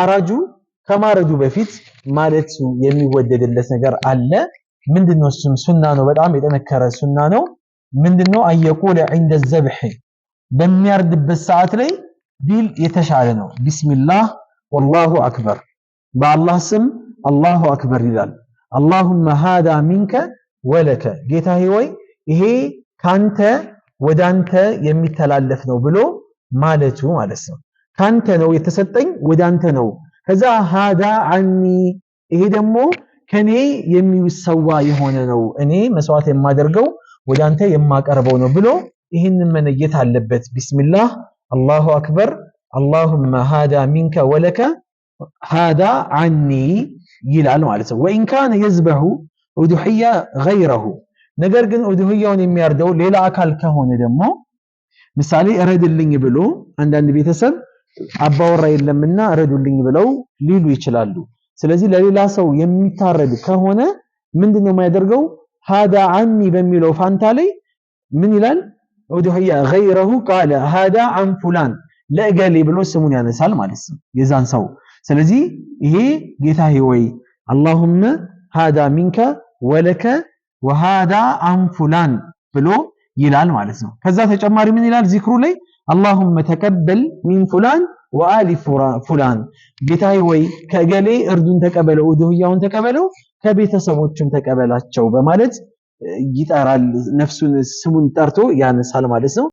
አራጁ ከማረጁ በፊት ማለት የሚወደድለት ነገር አለ። ምንድነው? እሱም ሱና ነው፣ በጣም የጠነከረ ሱና ነው። ምንድነው? አየቁለ ዒንደ ዘብሕ በሚያርድበት ሰዓት ላይ ቢል የተሻለ ነው። ቢስሚላህ ወላሁ አክበር፣ በአላህ ስም አላሁ አክበር ይላል። አላሁመ ሃዳ ሚንከ ወለከ፣ ጌታዬ ወይ ይሄ ካንተ ወዳንተ የሚተላለፍ ነው ብሎ ማለቱ ማለት ነው። ካንተ ነው የተሰጠኝ ወደ አንተ ነው። ከዛ ሃዳ አኒ ይሄ ደግሞ ከኔ የሚሰዋ የሆነ ነው እኔ መስዋዕት የማደርገው ወደ አንተ የማቀርበው ነው ብሎ ይህንን መነየት አለበት። ቢስሚላህ አላሁ አክበር አላሁመ ሃዳ ሚንከ ወለከ ሃዳ አኒ ይላል ማለት ነው። ወኢን ካነ የዝበሑ ኡድሕያ ገይረሁ ነገር ግን ኡድሕያውን የሚያርደው ሌላ አካል ከሆነ ደግሞ ምሳሌ እረድልኝ ብሎ አንዳንድ ቤተሰብ አባወራ የለምና ረዱልኝ ብለው ሊሉ ይችላሉ። ስለዚህ ለሌላ ሰው የሚታረድ ከሆነ ምንድነው የሚያደርገው? ሃዳ አኒ በሚለው ፋንታ ላይ ምን ይላል? ኡድህያ ገይረሁ ቃለ ሃዳ አን ፉላን ለእገሌ ብሎ ስሙን ያነሳል ማለት ነው የዛን ሰው። ስለዚህ ይሄ ጌታዬ ወይ አላሁመ ሃዳ ሚንከ ወለከ ወሃዳ አን ፉላን ብሎ ይላል ማለት ነው። ከዛ ተጨማሪ ምን ይላል ዚክሩ ላይ አላሁመ ተቀበል ሚን ፉላን ወአሊ ፉላን፣ ጌታዬ ወይ ከገሌ እርዱን ተቀበለው፣ ኡድህያውን ተቀበለው፣ ከቤተሰቦችም ተቀበላቸው በማለት ይጠራል። ነፍሱን ስሙን ጠርቶ ያነሳል ማለት ነው።